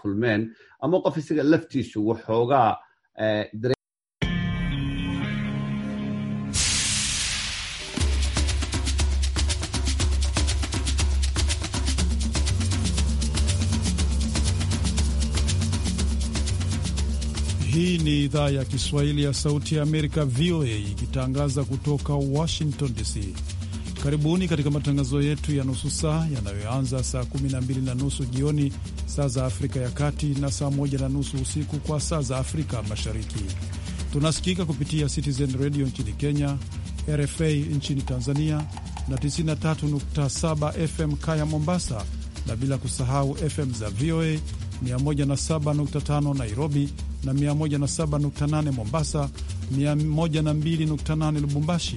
kulmeen ama qof isaga laftiisu waxoogaa eh, Hii ni idhaa ya Kiswahili ya Sauti ya Amerika, VOA, ikitangaza kutoka Washington DC. Karibuni katika matangazo yetu ya nusu saa yanayoanza saa 12 na nusu jioni saa za Afrika ya Kati na saa moja na nusu usiku kwa saa za Afrika Mashariki. Tunasikika kupitia Citizen Radio nchini Kenya, RFA nchini Tanzania na 93.7 FM Kaya Mombasa, na bila kusahau FM za VOA 107.5 Nairobi na 107.8 Mombasa, 102.8 Lubumbashi,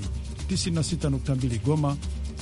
96.2 Goma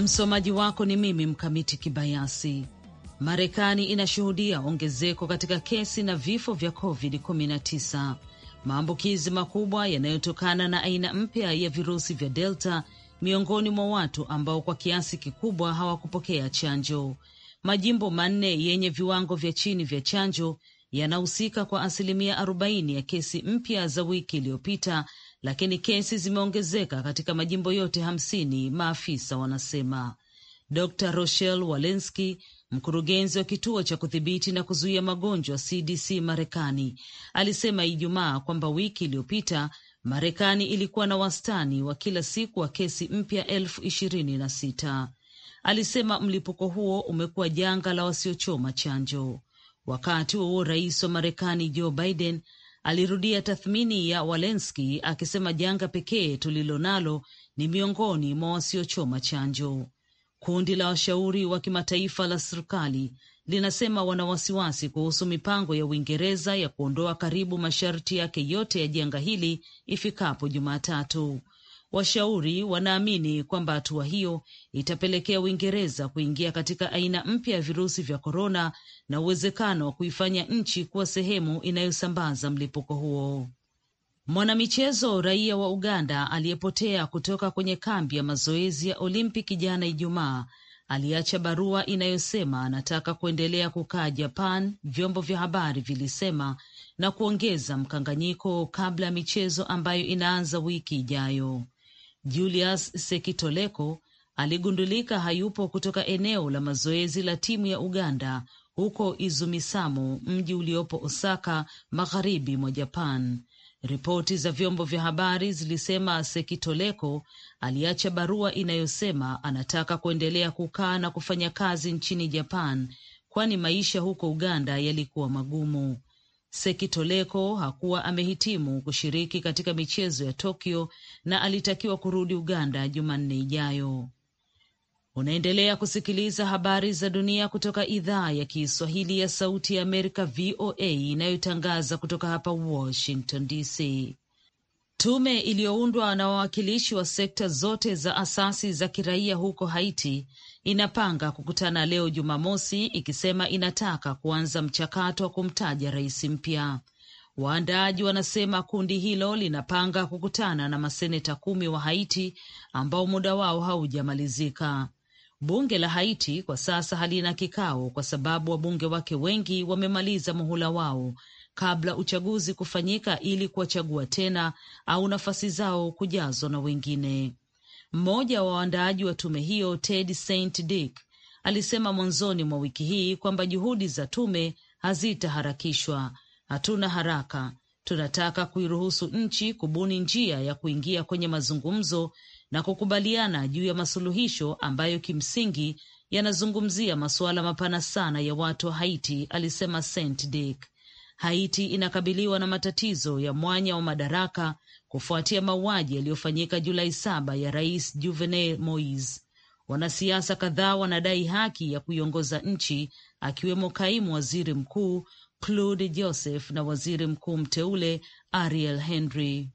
Msomaji wako ni mimi Mkamiti Kibayasi. Marekani inashuhudia ongezeko katika kesi na vifo vya COVID-19. Maambukizi makubwa yanayotokana na aina mpya ya virusi vya Delta miongoni mwa watu ambao kwa kiasi kikubwa hawakupokea chanjo. Majimbo manne yenye viwango vya chini vya chanjo yanahusika kwa asilimia 40 ya kesi mpya za wiki iliyopita lakini kesi zimeongezeka katika majimbo yote hamsini, maafisa wanasema. Dr Rochelle Walensky, mkurugenzi wa kituo cha kudhibiti na kuzuia magonjwa CDC Marekani, alisema Ijumaa kwamba wiki iliyopita Marekani ilikuwa na wastani wa kila siku wa kesi mpya elfu ishirini na sita. Alisema mlipuko huo umekuwa janga la wasiochoma chanjo. Wakati huo rais wa Marekani Joe Biden alirudia tathmini ya Walensky akisema janga pekee tulilonalo ni miongoni mwa wasiochoma chanjo. Kundi la washauri wa kimataifa la serikali linasema wana wasiwasi kuhusu mipango ya Uingereza ya kuondoa karibu masharti yake yote ya janga hili ifikapo Jumatatu. Washauri wanaamini kwamba hatua hiyo itapelekea Uingereza kuingia katika aina mpya ya virusi vya korona na uwezekano wa kuifanya nchi kuwa sehemu inayosambaza mlipuko huo. Mwanamichezo raia wa Uganda aliyepotea kutoka kwenye kambi ya mazoezi ya Olimpiki jana Ijumaa aliacha barua inayosema anataka kuendelea kukaa Japan, vyombo vya habari vilisema, na kuongeza mkanganyiko kabla ya michezo ambayo inaanza wiki ijayo. Julius Sekitoleko aligundulika hayupo kutoka eneo la mazoezi la timu ya Uganda huko Izumisamo, mji uliopo Osaka, magharibi mwa Japan. Ripoti za vyombo vya habari zilisema Sekitoleko aliacha barua inayosema anataka kuendelea kukaa na kufanya kazi nchini Japan, kwani maisha huko Uganda yalikuwa magumu. Sekitoleko hakuwa amehitimu kushiriki katika michezo ya Tokyo na alitakiwa kurudi Uganda Jumanne ijayo. Unaendelea kusikiliza habari za dunia kutoka idhaa ya Kiswahili ya Sauti ya Amerika, VOA, inayotangaza kutoka hapa Washington DC. Tume iliyoundwa na wawakilishi wa sekta zote za asasi za kiraia huko Haiti inapanga kukutana leo Jumamosi, ikisema inataka kuanza mchakato wa kumtaja rais mpya. Waandaaji wanasema kundi hilo linapanga kukutana na maseneta kumi wa Haiti ambao muda wao haujamalizika. Bunge la Haiti kwa sasa halina kikao kwa sababu wabunge wake wengi wamemaliza muhula wao kabla uchaguzi kufanyika ili kuwachagua tena au nafasi zao kujazwa na wengine. Mmoja wa waandaaji wa tume hiyo Ted st Dick alisema mwanzoni mwa wiki hii kwamba juhudi za tume hazitaharakishwa. Hatuna haraka, tunataka kuiruhusu nchi kubuni njia ya kuingia kwenye mazungumzo na kukubaliana juu ya masuluhisho ambayo kimsingi yanazungumzia masuala mapana sana ya watu wa Haiti, alisema St Dick. Haiti inakabiliwa na matatizo ya mwanya wa madaraka kufuatia mauaji yaliyofanyika Julai saba ya Rais Juvenel Moise. Wanasiasa kadhaa wanadai haki ya kuiongoza nchi, akiwemo kaimu waziri mkuu Claude Joseph na waziri mkuu mteule Ariel Henry.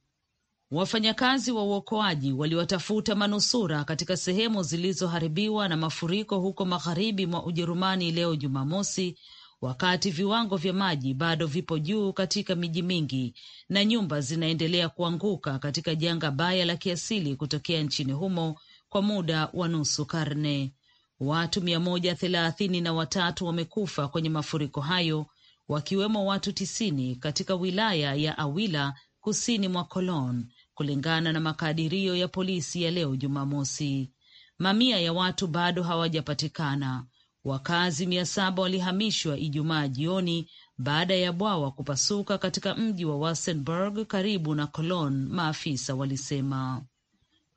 Wafanyakazi wa uokoaji waliwatafuta manusura katika sehemu zilizoharibiwa na mafuriko huko magharibi mwa Ujerumani leo Jumamosi, wakati viwango vya maji bado vipo juu katika miji mingi na nyumba zinaendelea kuanguka katika janga baya la kiasili kutokea nchini humo kwa muda wa nusu karne. Watu mia moja thelathini na watatu wamekufa kwenye mafuriko hayo wakiwemo watu tisini katika wilaya ya Awila kusini mwa Colon, kulingana na makadirio ya polisi ya leo Jumamosi. Mamia ya watu bado hawajapatikana Wakazi mia saba walihamishwa Ijumaa jioni baada ya bwawa kupasuka katika mji wa Wassenburg karibu na Cologne, maafisa walisema.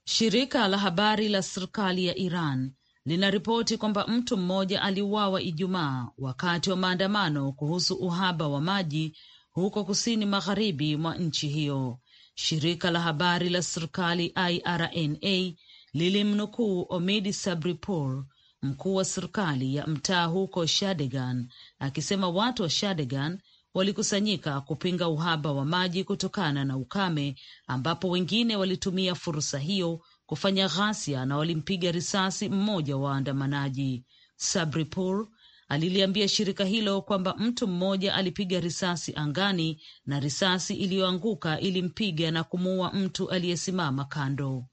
Shirika la habari la serikali ya Iran linaripoti kwamba mtu mmoja aliuawa Ijumaa wakati wa maandamano kuhusu uhaba wa maji huko kusini magharibi mwa nchi hiyo. Shirika la habari la serikali IRNA lilimnukuu Omid Sabripour mkuu wa serikali ya mtaa huko Shadegan akisema watu wa Shadegan walikusanyika kupinga uhaba wa maji kutokana na ukame, ambapo wengine walitumia fursa hiyo kufanya ghasia na walimpiga risasi mmoja wa waandamanaji. Sabripur aliliambia shirika hilo kwamba mtu mmoja alipiga risasi angani na risasi iliyoanguka ilimpiga na kumuua mtu aliyesimama kando.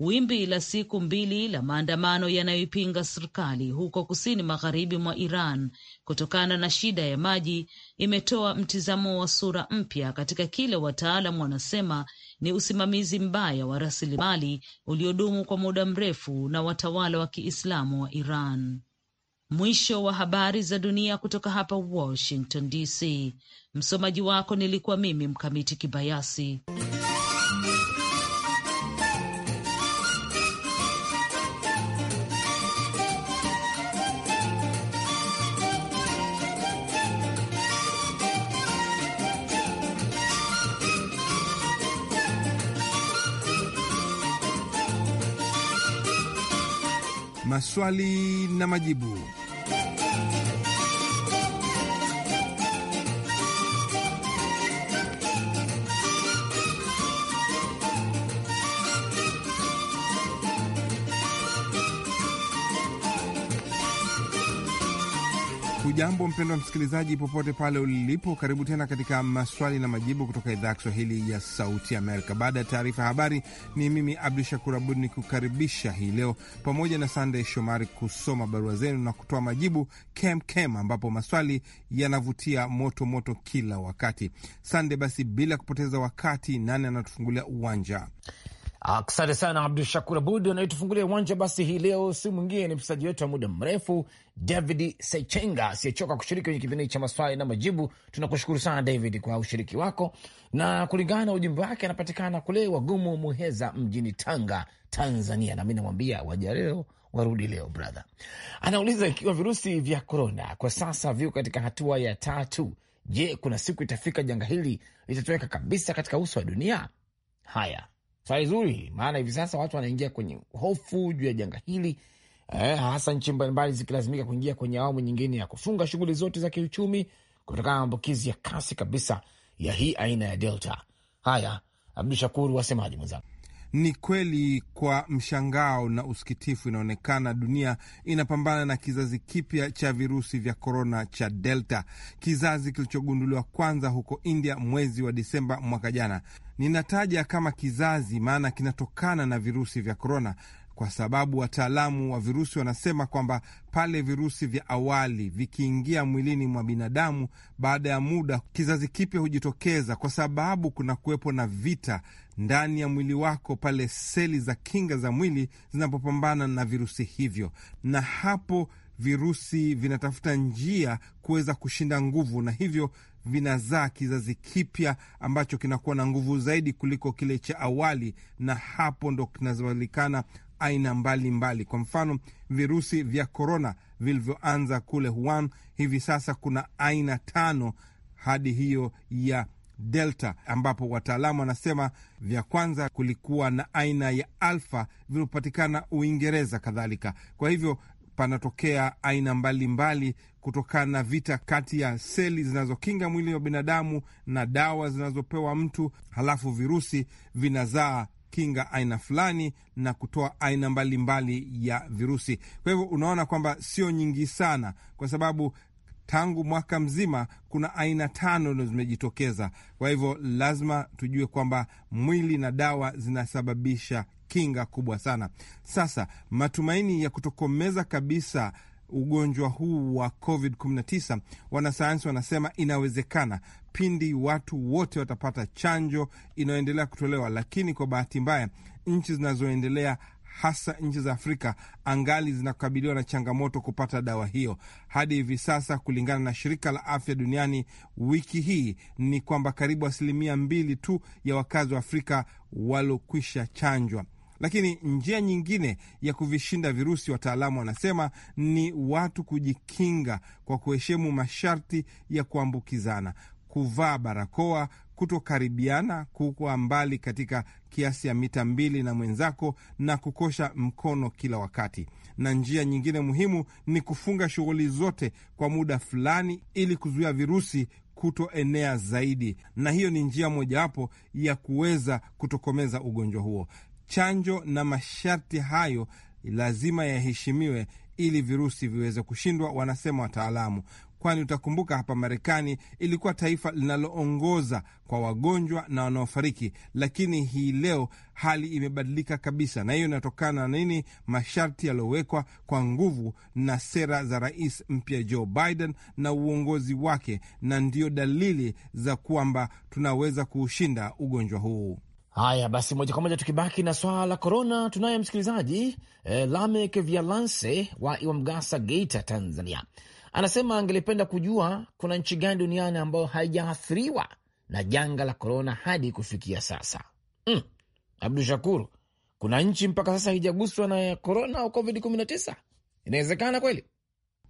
Wimbi la siku mbili la maandamano yanayoipinga serikali huko kusini magharibi mwa Iran kutokana na shida ya maji imetoa mtizamo wa sura mpya katika kile wataalam wanasema ni usimamizi mbaya wa rasilimali uliodumu kwa muda mrefu na watawala wa Kiislamu wa Iran. Mwisho wa habari za dunia kutoka hapa Washington DC. Msomaji wako nilikuwa mimi Mkamiti Kibayasi. maswali na majibu. Hujambo mpendwa msikilizaji, popote pale ulipo, karibu tena katika maswali na majibu kutoka idhaa ya Kiswahili ya Sauti Amerika. Baada ya taarifa ya habari, ni mimi Abdu Shakur Abud ni kukaribisha hii leo pamoja na Sandey Shomari kusoma barua zenu na kutoa majibu kem kem, ambapo maswali yanavutia moto moto kila wakati. Sande, basi bila kupoteza wakati, nani anatufungulia uwanja? Asante sana Abdu Shakur Abud. Anayetufungulia uwanja basi hii leo si mwingine, ni mchezaji wetu wa muda mrefu David Sechenga asiyechoka kushiriki kwenye kipindi cha maswali na majibu. Tunakushukuru sana David kwa ushiriki wako, na kulingana na ujumbe wake anapatikana kule Wagumu, Muheza, mjini Tanga, Tanzania. Nami namwambia waja leo warudi leo brother. Anauliza ikiwa virusi vya korona kwa sasa viko katika hatua ya tatu, je, kuna siku itafika janga hili litatoweka kabisa katika uso wa dunia? Haya, swali zuri maana hivi sasa watu wanaingia kwenye hofu juu ya janga hili eh, hasa nchi mbalimbali zikilazimika kuingia kwenye awamu nyingine ya kufunga shughuli zote za kiuchumi kutokana na maambukizi ya kasi kabisa ya hii aina ya Delta. Haya, Abdu shakuru wasemaji mwenzangu. Ni kweli kwa mshangao na usikitifu, inaonekana dunia inapambana na kizazi kipya cha virusi vya korona cha Delta, kizazi kilichogunduliwa kwanza huko India mwezi wa Disemba mwaka jana. Ninataja kama kizazi, maana kinatokana na virusi vya korona, kwa sababu wataalamu wa virusi wanasema kwamba pale virusi vya awali vikiingia mwilini mwa binadamu, baada ya muda kizazi kipya hujitokeza, kwa sababu kuna kuwepo na vita ndani ya mwili wako, pale seli za kinga za mwili zinapopambana na virusi hivyo, na hapo virusi vinatafuta njia kuweza kushinda nguvu, na hivyo vinazaa kizazi kipya ambacho kinakuwa na nguvu zaidi kuliko kile cha awali, na hapo ndo kinazalikana aina mbalimbali mbali. Kwa mfano virusi vya korona vilivyoanza kule Wuhan, hivi sasa kuna aina tano hadi hiyo ya delta, ambapo wataalamu wanasema vya kwanza kulikuwa na aina ya alfa vilivyopatikana Uingereza kadhalika. Kwa hivyo panatokea aina mbalimbali kutokana na vita kati ya seli zinazokinga mwili wa binadamu na dawa zinazopewa mtu, halafu virusi vinazaa kinga aina fulani na kutoa aina mbalimbali mbali ya virusi. Kwa hivyo unaona kwamba sio nyingi sana, kwa sababu tangu mwaka mzima kuna aina tano ndo zimejitokeza. Kwa hivyo lazima tujue kwamba mwili na dawa zinasababisha kinga kubwa sana. Sasa matumaini ya kutokomeza kabisa ugonjwa huu wa COVID-19, wanasayansi wanasema inawezekana pindi watu wote watapata chanjo inayoendelea kutolewa, lakini kwa bahati mbaya nchi zinazoendelea hasa nchi za Afrika angali zinakabiliwa na changamoto kupata dawa hiyo hadi hivi sasa. Kulingana na shirika la afya duniani wiki hii ni kwamba karibu asilimia mbili tu ya wakazi wa Afrika waliokwisha chanjwa. Lakini njia nyingine ya kuvishinda virusi, wataalamu wanasema ni watu kujikinga kwa kuheshimu masharti ya kuambukizana, kuvaa barakoa, kutokaribiana, kuwa mbali katika kiasi ya mita mbili na mwenzako na kukosha mkono kila wakati. Na njia nyingine muhimu ni kufunga shughuli zote kwa muda fulani ili kuzuia virusi kutoenea zaidi, na hiyo ni njia mojawapo ya kuweza kutokomeza ugonjwa huo chanjo na masharti hayo lazima yaheshimiwe ili virusi viweze kushindwa, wanasema wataalamu. Kwani utakumbuka hapa Marekani ilikuwa taifa linaloongoza kwa wagonjwa na wanaofariki, lakini hii leo hali imebadilika kabisa. Na hiyo inatokana na nini? Masharti yaliyowekwa kwa nguvu na sera za rais mpya Joe Biden na uongozi wake, na ndiyo dalili za kwamba tunaweza kuushinda ugonjwa huu. Haya basi, moja kwa moja tukibaki na swala la korona, tunaye msikilizaji eh, Lamek Vialanse wa Iwamgasa, Geita, Tanzania, anasema angelipenda kujua kuna nchi gani duniani ambayo haijaathiriwa na janga la korona hadi kufikia sasa. Mm, Abdu shakur kuna nchi mpaka sasa haijaguswa na korona au covid 19? Inawezekana kweli?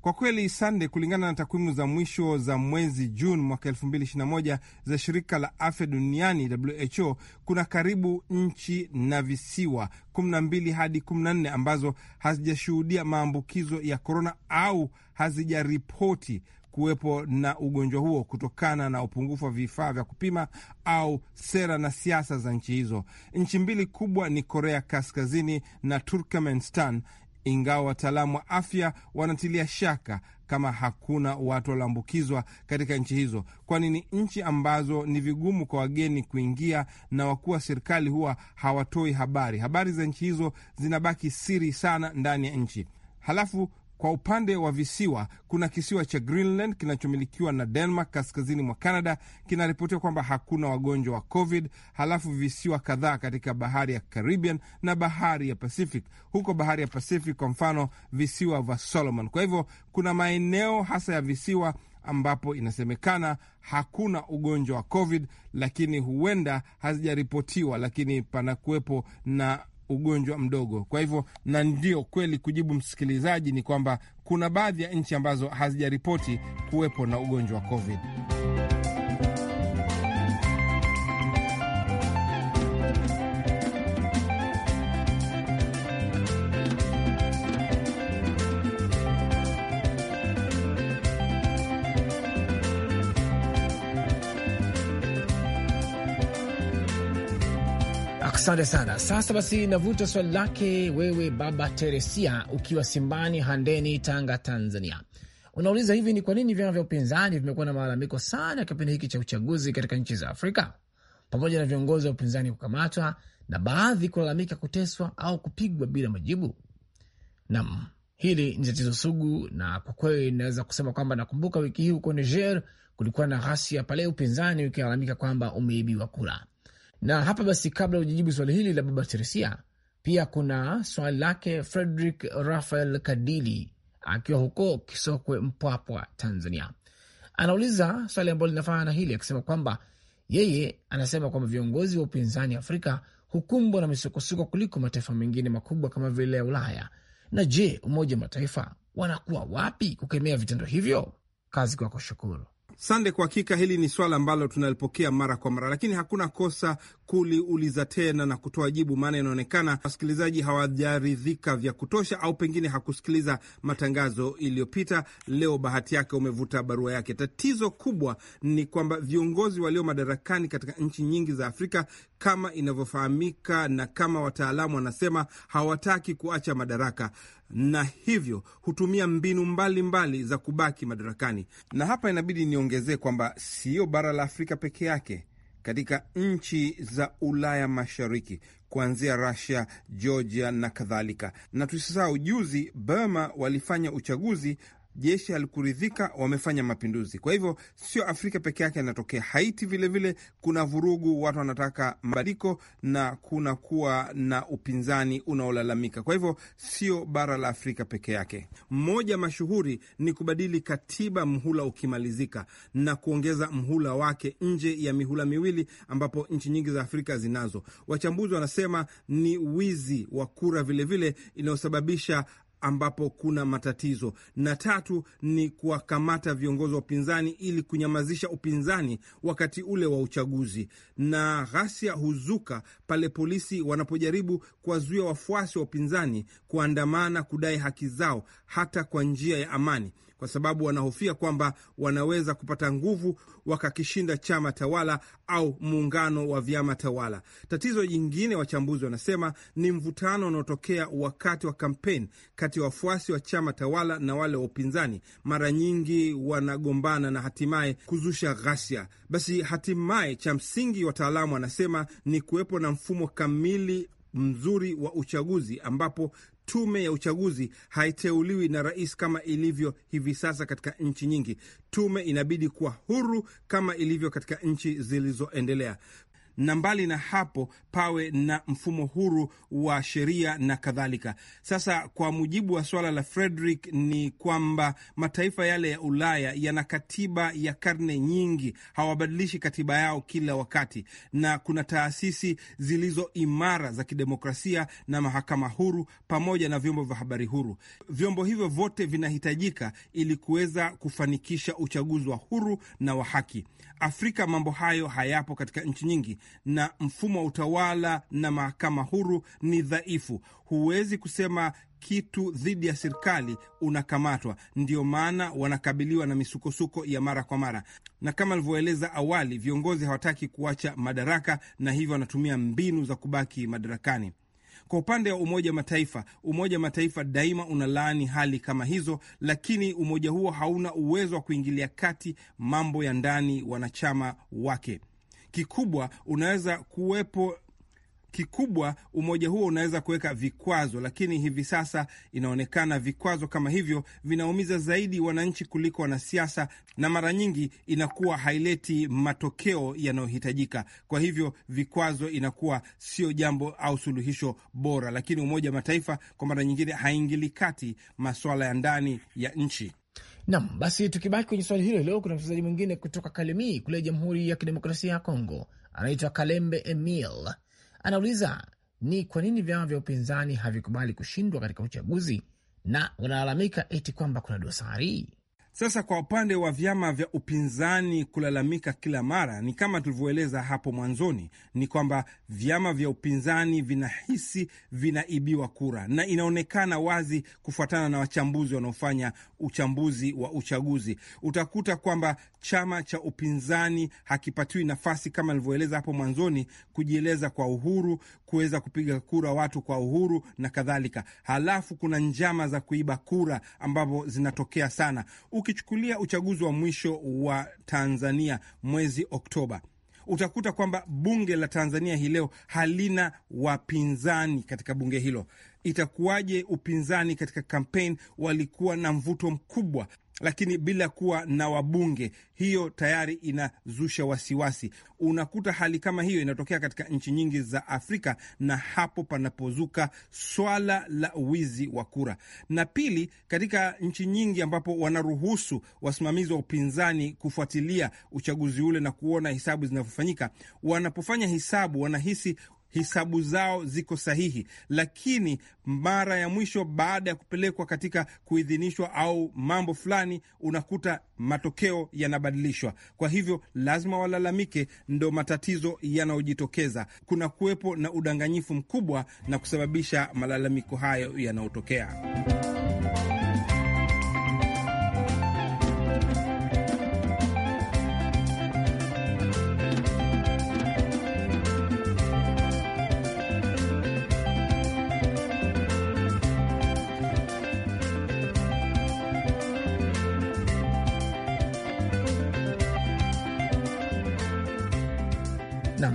Kwa kweli Sande, kulingana na takwimu za mwisho za mwezi Juni mwaka 2021 za shirika la afya duniani WHO, kuna karibu nchi na visiwa 12 hadi 14 ambazo hazijashuhudia maambukizo ya korona au hazijaripoti kuwepo na ugonjwa huo kutokana na upungufu wa vifaa vya kupima au sera na siasa za nchi hizo. Nchi mbili kubwa ni Korea Kaskazini na Turkmenistan ingawa wataalamu wa afya wanatilia shaka kama hakuna watu walioambukizwa katika nchi hizo, kwani ni nchi ambazo ni vigumu kwa wageni kuingia na wakuu wa serikali huwa hawatoi habari. Habari za nchi hizo zinabaki siri sana ndani ya nchi. Halafu kwa upande wa visiwa, kuna kisiwa cha Greenland kinachomilikiwa na Denmark kaskazini mwa Canada, kinaripotiwa kwamba hakuna wagonjwa wa COVID. Halafu visiwa kadhaa katika bahari ya Caribbean na bahari ya Pacific. Huko bahari ya Pacific, kwa mfano, visiwa vya Solomon. Kwa hivyo kuna maeneo hasa ya visiwa ambapo inasemekana hakuna ugonjwa wa COVID, lakini huenda hazijaripotiwa, lakini panakuwepo na ugonjwa mdogo. Kwa hivyo, na ndio kweli, kujibu msikilizaji, ni kwamba kuna baadhi ya nchi ambazo hazijaripoti kuwepo na ugonjwa wa COVID. Asante sana. Sasa basi, navuta swali lake wewe, Baba Teresia, ukiwa Simbani Handeni, Tanga, Tanzania. Unauliza, hivi ni kwa nini vyama vya upinzani vimekuwa na malalamiko sana kipindi hiki cha uchaguzi katika nchi za Afrika, pamoja na viongozi wa upinzani kukamatwa na baadhi kulalamika kuteswa au kupigwa bila majibu? Naam, hili ni tatizo sugu, na kwa kweli inaweza kusema kwamba nakumbuka wiki hii huko Niger kulikuwa na ghasia pale upinzani ukilalamika kwamba umeibiwa kura. Na hapa basi, kabla hujajibu swali hili la baba Teresia, pia kuna swali lake Frederick Rafael Kadili akiwa huko Kisokwe, Mpwapwa, Tanzania. Anauliza swali ambalo linafana na hili akisema kwamba yeye anasema kwamba viongozi wa upinzani Afrika hukumbwa na misukosuko kuliko mataifa mengine makubwa kama vile ya Ulaya. Na je, Umoja wa Mataifa wanakuwa wapi kukemea vitendo hivyo? Kazi kwako, shukuru. Sande, kwa hakika hili ni swala ambalo tunalipokea mara kwa mara, lakini hakuna kosa kuliuliza tena na kutoa jibu, maana inaonekana wasikilizaji hawajaridhika vya kutosha, au pengine hakusikiliza matangazo iliyopita. Leo bahati yake umevuta barua yake. Tatizo kubwa ni kwamba viongozi walio madarakani katika nchi nyingi za Afrika kama inavyofahamika na kama wataalamu wanasema, hawataki kuacha madaraka na hivyo hutumia mbinu mbalimbali mbali za kubaki madarakani. Na hapa inabidi niongezee kwamba siyo bara la Afrika peke yake katika nchi za Ulaya Mashariki, kuanzia Russia, Georgia na kadhalika. Na tusisahau juzi Burma walifanya uchaguzi jeshi halikuridhika, wamefanya mapinduzi. Kwa hivyo sio Afrika peke yake yanatokea, Haiti vilevile vile, kuna vurugu, watu wanataka mabadiliko na kuna kuwa na upinzani unaolalamika. Kwa hivyo sio bara la Afrika peke yake. Mmoja mashuhuri ni kubadili katiba mhula ukimalizika na kuongeza mhula wake nje ya mihula miwili, ambapo nchi nyingi za Afrika zinazo. Wachambuzi wanasema ni wizi wa kura vilevile inayosababisha ambapo kuna matatizo, na tatu ni kuwakamata viongozi wa upinzani ili kunyamazisha upinzani wakati ule wa uchaguzi. Na ghasia huzuka pale polisi wanapojaribu kuwazuia wafuasi wa upinzani kuandamana kudai haki zao, hata kwa njia ya amani kwa sababu wanahofia kwamba wanaweza kupata nguvu wakakishinda chama tawala au muungano wa vyama tawala. Tatizo jingine, wachambuzi wanasema ni mvutano unaotokea wakati wa kampeni kati ya wafuasi wa chama tawala na wale wa upinzani. Mara nyingi wanagombana na hatimaye kuzusha ghasia. Basi hatimaye, cha msingi, wataalamu wanasema ni kuwepo na mfumo kamili mzuri wa uchaguzi ambapo Tume ya uchaguzi haiteuliwi na rais kama ilivyo hivi sasa katika nchi nyingi. Tume inabidi kuwa huru kama ilivyo katika nchi zilizoendelea na mbali na hapo pawe na mfumo huru wa sheria na kadhalika. Sasa kwa mujibu wa swala la Frederick ni kwamba mataifa yale ya Ulaya yana katiba ya karne nyingi, hawabadilishi katiba yao kila wakati, na kuna taasisi zilizo imara za kidemokrasia na mahakama huru pamoja na vyombo vya habari huru. Vyombo hivyo vyote vinahitajika ili kuweza kufanikisha uchaguzi wa huru na wa haki. Afrika mambo hayo hayapo katika nchi nyingi, na mfumo wa utawala na mahakama huru ni dhaifu. Huwezi kusema kitu dhidi ya serikali unakamatwa. Ndiyo maana wanakabiliwa na misukosuko ya mara kwa mara, na kama alivyoeleza awali, viongozi hawataki kuacha madaraka na hivyo wanatumia mbinu za kubaki madarakani. Kwa upande wa Umoja Mataifa, Umoja Mataifa daima unalaani hali kama hizo, lakini umoja huo hauna uwezo wa kuingilia kati mambo ya ndani wanachama wake. Kikubwa unaweza kuwepo kikubwa umoja huo unaweza kuweka vikwazo, lakini hivi sasa inaonekana vikwazo kama hivyo vinaumiza zaidi wananchi kuliko wanasiasa, na mara nyingi inakuwa haileti matokeo yanayohitajika. Kwa hivyo vikwazo inakuwa sio jambo au suluhisho bora, lakini Umoja wa Mataifa kwa mara nyingine haingili kati masuala ya ndani ya nchi. Nam, basi tukibaki kwenye swali hilo hilo, kuna mchezaji mwingine kutoka Kalemie kule Jamhuri ya Kidemokrasia ya Kongo anaitwa Kalembe Emil Anauliza ni kwa nini vyama vya upinzani havikubali kushindwa katika uchaguzi na wanalalamika eti kwamba kuna dosari. Sasa kwa upande wa vyama vya upinzani kulalamika kila mara, ni kama tulivyoeleza hapo mwanzoni, ni kwamba vyama vya upinzani vinahisi vinaibiwa kura, na inaonekana wazi kufuatana na wachambuzi wanaofanya uchambuzi wa uchaguzi. Utakuta kwamba chama cha upinzani hakipatiwi nafasi, kama alivyoeleza hapo mwanzoni, kujieleza kwa uhuru, kuweza kupiga kura watu kwa uhuru na kadhalika. Halafu kuna njama za kuiba kura ambapo zinatokea sana Uki ukichukulia uchaguzi wa mwisho wa Tanzania mwezi Oktoba, utakuta kwamba bunge la Tanzania hii leo halina wapinzani katika bunge hilo. Itakuwaje upinzani katika kampeni? Walikuwa na mvuto mkubwa lakini bila kuwa na wabunge, hiyo tayari inazusha wasiwasi. Unakuta hali kama hiyo inatokea katika nchi nyingi za Afrika, na hapo panapozuka swala la wizi wa kura. Na pili, katika nchi nyingi ambapo wanaruhusu wasimamizi wa upinzani kufuatilia uchaguzi ule na kuona hisabu zinavyofanyika, wanapofanya hisabu wanahisi hisabu zao ziko sahihi, lakini mara ya mwisho baada ya kupelekwa katika kuidhinishwa au mambo fulani, unakuta matokeo yanabadilishwa. Kwa hivyo lazima walalamike, ndo matatizo yanayojitokeza. Kuna kuwepo na udanganyifu mkubwa na kusababisha malalamiko hayo yanayotokea.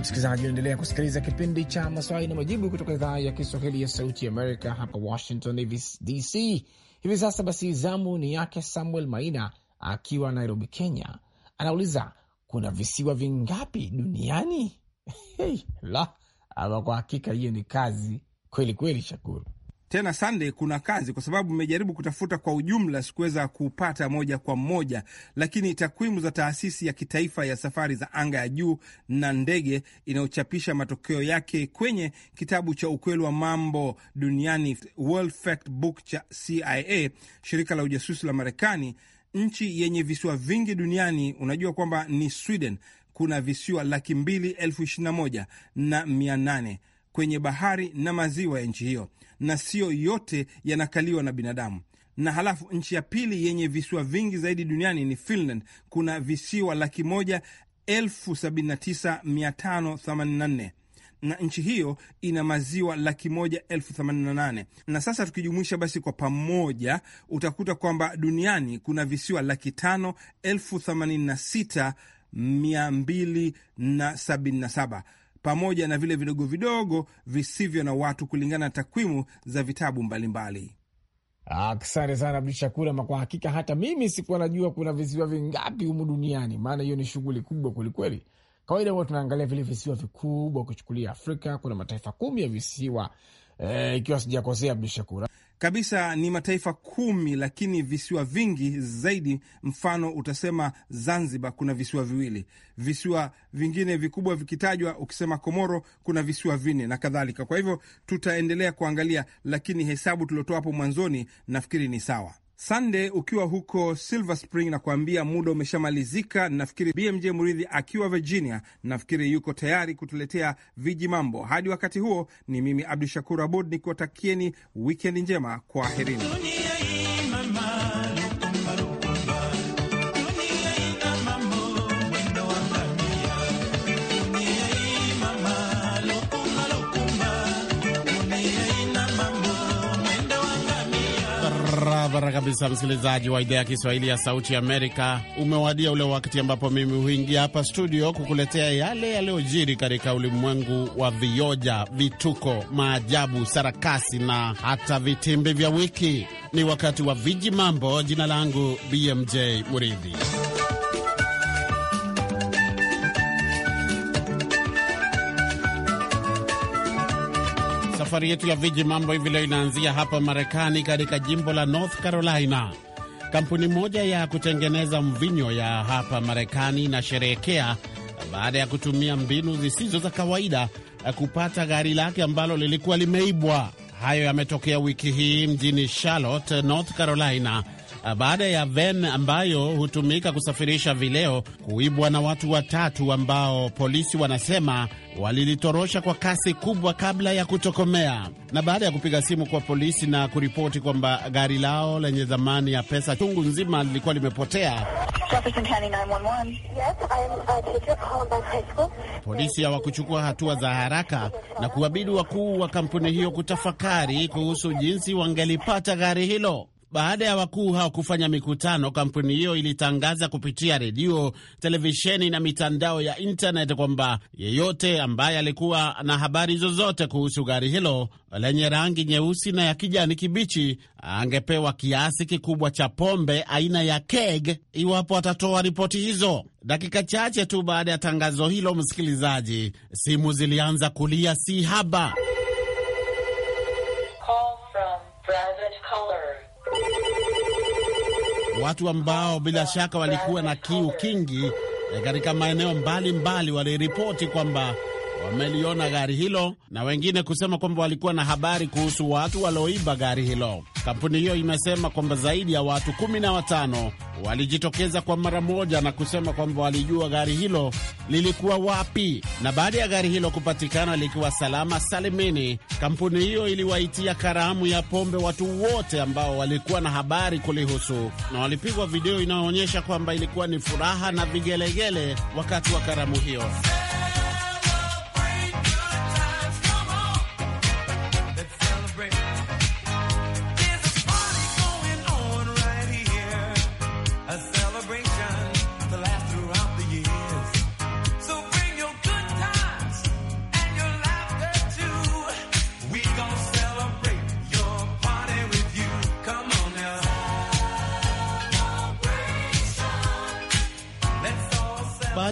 Msikilizaji, unaendelea kusikiliza kipindi cha maswali na majibu kutoka idhaa ya Kiswahili ya Sauti ya Amerika hapa Washington DC. Hivi sasa basi, zamu ni yake Samuel Maina akiwa Nairobi, Kenya. Anauliza, kuna visiwa vingapi duniani? Hey, la ama kwa hakika hiyo ni kazi kweli kweli, Shakuru tena Sunday, kuna kazi kwa sababu mmejaribu kutafuta kwa ujumla, sikuweza kupata moja kwa moja, lakini takwimu za taasisi ya kitaifa ya safari za anga ya juu na ndege inayochapisha matokeo yake kwenye kitabu cha ukweli wa mambo duniani World Fact Book cha CIA, shirika la ujasusi la Marekani, nchi yenye visiwa vingi duniani. Unajua kwamba ni Sweden kuna visiwa laki mbili elfu ishirini na moja na mia nane kwenye bahari na maziwa ya nchi hiyo, na siyo yote yanakaliwa na binadamu. Na halafu nchi ya pili yenye visiwa vingi zaidi duniani ni Finland. Kuna visiwa laki moja elfu sabini na tisa mia tano themanini na nne na nchi hiyo ina maziwa laki moja elfu themanini na nane na sasa tukijumuisha basi kwa pamoja utakuta kwamba duniani kuna visiwa laki tano elfu themanini na sita mia mbili na sabini na saba pamoja na vile vidogo vidogo visivyo na watu, kulingana na takwimu za vitabu mbalimbali. Asante sana Abdu Shakur. Ama kwa hakika hata mimi sikuwa najua kuna visiwa vingapi humu duniani, maana hiyo ni shughuli kubwa kwelikweli. Kawaida huwa tunaangalia vile visiwa vikubwa, ukichukulia Afrika kuna mataifa kumi ya visiwa, eh, ikiwa e, sijakosea Abdu Shakur kabisa ni mataifa kumi, lakini visiwa vingi zaidi. Mfano utasema Zanzibar kuna visiwa viwili, visiwa vingine vikubwa vikitajwa, ukisema Komoro kuna visiwa vinne na kadhalika. Kwa hivyo tutaendelea kuangalia, lakini hesabu tuliotoa hapo mwanzoni nafikiri ni sawa. Sande ukiwa huko Silver Spring na kuambia muda umeshamalizika. Nafikiri BMJ Muridhi akiwa Virginia, nafikiri yuko tayari kutuletea viji mambo. Hadi wakati huo, ni mimi Abdu Shakur Abud nikiwatakieni wikendi njema, kwa herini. kabisa, msikilizaji wa idhaa ya Kiswahili ya Sauti ya Amerika, umewadia ule wakati ambapo mimi huingia hapa studio kukuletea yale yaliyojiri katika ulimwengu wa vioja, vituko, maajabu, sarakasi na hata vitimbi vya wiki. Ni wakati wa viji mambo. Jina langu BMJ Muridhi. Safari yetu ya viji mambo hivi leo inaanzia hapa Marekani, katika jimbo la North Carolina. Kampuni moja ya kutengeneza mvinyo ya hapa Marekani inasherehekea baada ya kutumia mbinu zisizo za kawaida kupata gari lake ambalo lilikuwa limeibwa. Hayo yametokea wiki hii mjini Charlotte, North Carolina, baada ya ven ambayo hutumika kusafirisha vileo kuibwa na watu watatu ambao polisi wanasema walilitorosha kwa kasi kubwa kabla ya kutokomea. Na baada ya kupiga simu kwa polisi na kuripoti kwamba gari lao lenye thamani ya pesa chungu nzima lilikuwa limepotea, polisi hawakuchukua hatua za haraka na kuwabidi wakuu wa kampuni hiyo kutafakari kuhusu jinsi wangelipata gari hilo. Baada ya wakuu hao kufanya mikutano, kampuni hiyo ilitangaza kupitia redio, televisheni na mitandao ya intanet kwamba yeyote ambaye alikuwa na habari zozote kuhusu gari hilo lenye rangi nyeusi na ya kijani kibichi angepewa kiasi kikubwa cha pombe aina ya keg iwapo atatoa ripoti hizo. Dakika chache tu baada ya tangazo hilo, msikilizaji, simu zilianza kulia si haba. Call from Watu ambao bila shaka walikuwa na kiu kingi eh, katika maeneo mbalimbali waliripoti kwamba wameliona gari hilo na wengine kusema kwamba walikuwa na habari kuhusu watu walioiba gari hilo. Kampuni hiyo imesema kwamba zaidi ya watu kumi na watano walijitokeza kwa mara moja na kusema kwamba walijua gari hilo lilikuwa wapi, na baada ya gari hilo kupatikana likiwa salama salimini, kampuni hiyo iliwaitia karamu ya pombe watu wote ambao walikuwa na habari kulihusu, na walipigwa video inayoonyesha kwamba ilikuwa ni furaha na vigelegele wakati wa karamu hiyo.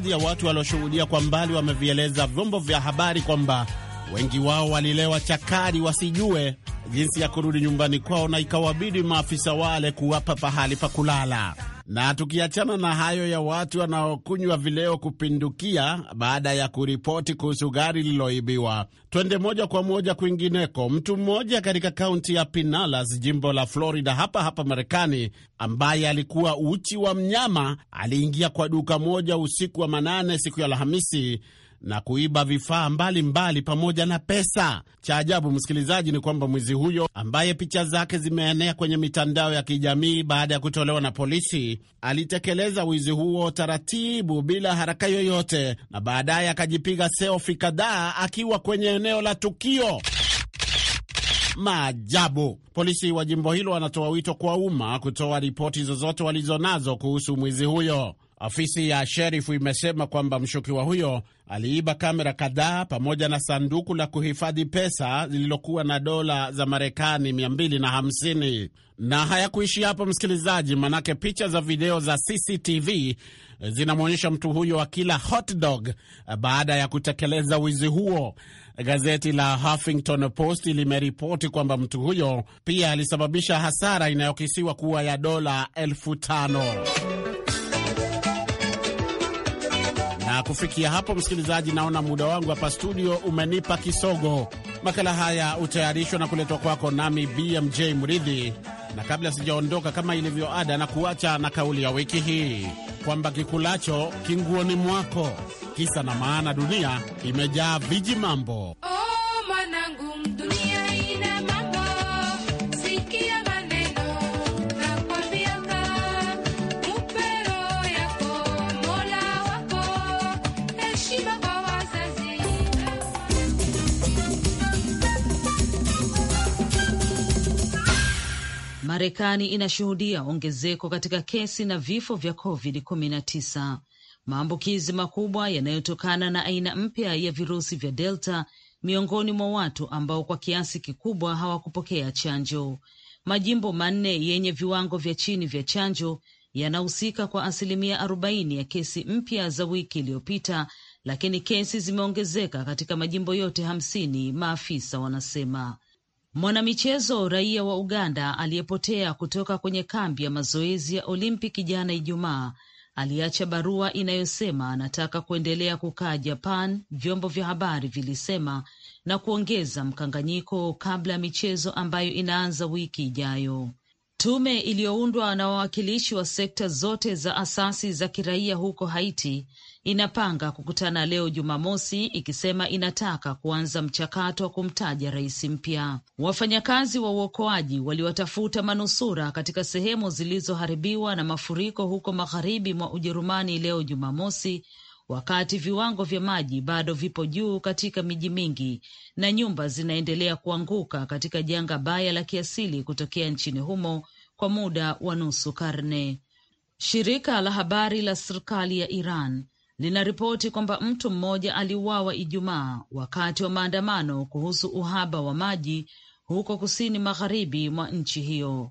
baadhi ya watu walioshuhudia kwa mbali wamevieleza vyombo vya habari kwamba wengi wao walilewa chakari wasijue jinsi ya kurudi nyumbani kwao na ikawabidi maafisa wale kuwapa pahali pa kulala. Na tukiachana na hayo ya watu wanaokunywa vileo kupindukia baada ya kuripoti kuhusu gari lililoibiwa, twende moja kwa moja kwingineko. Mtu mmoja katika kaunti ya Pinellas, jimbo la Florida, hapa hapa Marekani, ambaye alikuwa uchi wa mnyama aliingia kwa duka moja usiku wa manane siku ya Alhamisi na kuiba vifaa mbalimbali pamoja na pesa. Cha ajabu, msikilizaji, ni kwamba mwizi huyo ambaye picha zake zimeenea kwenye mitandao ya kijamii baada ya kutolewa na polisi, alitekeleza wizi huo taratibu, bila haraka yoyote, na baadaye akajipiga selfie kadhaa akiwa kwenye eneo la tukio. Maajabu! Polisi wa jimbo hilo wanatoa wito kwa umma kutoa ripoti zozote walizonazo kuhusu mwizi huyo. Ofisi ya sherifu imesema kwamba mshukiwa huyo aliiba kamera kadhaa pamoja na sanduku la kuhifadhi pesa lililokuwa na dola za Marekani 250. Na hayakuishi hapo, msikilizaji, manake picha za video za CCTV zinamwonyesha mtu huyo akila hot dog baada ya kutekeleza wizi huo. Gazeti la Huffington Post limeripoti kwamba mtu huyo pia alisababisha hasara inayokisiwa kuwa ya dola elfu tano. kufikia hapo, msikilizaji, naona muda wangu hapa studio umenipa kisogo. Makala haya hutayarishwa na kuletwa kwako nami BMJ Mridhi, na kabla sijaondoka, kama ilivyo ada, na kuacha na kauli ya wiki hii kwamba kikulacho kinguoni mwako. Kisa na maana, dunia imejaa viji mambo. Marekani inashuhudia ongezeko katika kesi na vifo vya COVID-19. Maambukizi makubwa yanayotokana na aina mpya ya virusi vya Delta miongoni mwa watu ambao kwa kiasi kikubwa hawakupokea chanjo. Majimbo manne yenye viwango vya chini vya chanjo yanahusika kwa asilimia arobaini ya kesi mpya za wiki iliyopita, lakini kesi zimeongezeka katika majimbo yote hamsini, maafisa wanasema. Mwanamichezo raia wa Uganda aliyepotea kutoka kwenye kambi ya mazoezi ya Olimpiki jana Ijumaa aliacha barua inayosema anataka kuendelea kukaa Japan, vyombo vya habari vilisema, na kuongeza mkanganyiko kabla ya michezo ambayo inaanza wiki ijayo. Tume iliyoundwa na wawakilishi wa sekta zote za asasi za kiraia huko Haiti inapanga kukutana leo Jumamosi, ikisema inataka kuanza mchakato wa kumtaja rais mpya. Wafanyakazi wa uokoaji waliwatafuta manusura katika sehemu zilizoharibiwa na mafuriko huko magharibi mwa Ujerumani leo Jumamosi, wakati viwango vya maji bado vipo juu katika miji mingi na nyumba zinaendelea kuanguka katika janga baya la kiasili kutokea nchini humo kwa muda wa nusu karne. Shirika la habari la serikali ya Iran linaripoti kwamba mtu mmoja aliuawa Ijumaa wakati wa maandamano kuhusu uhaba wa maji huko kusini magharibi mwa nchi hiyo.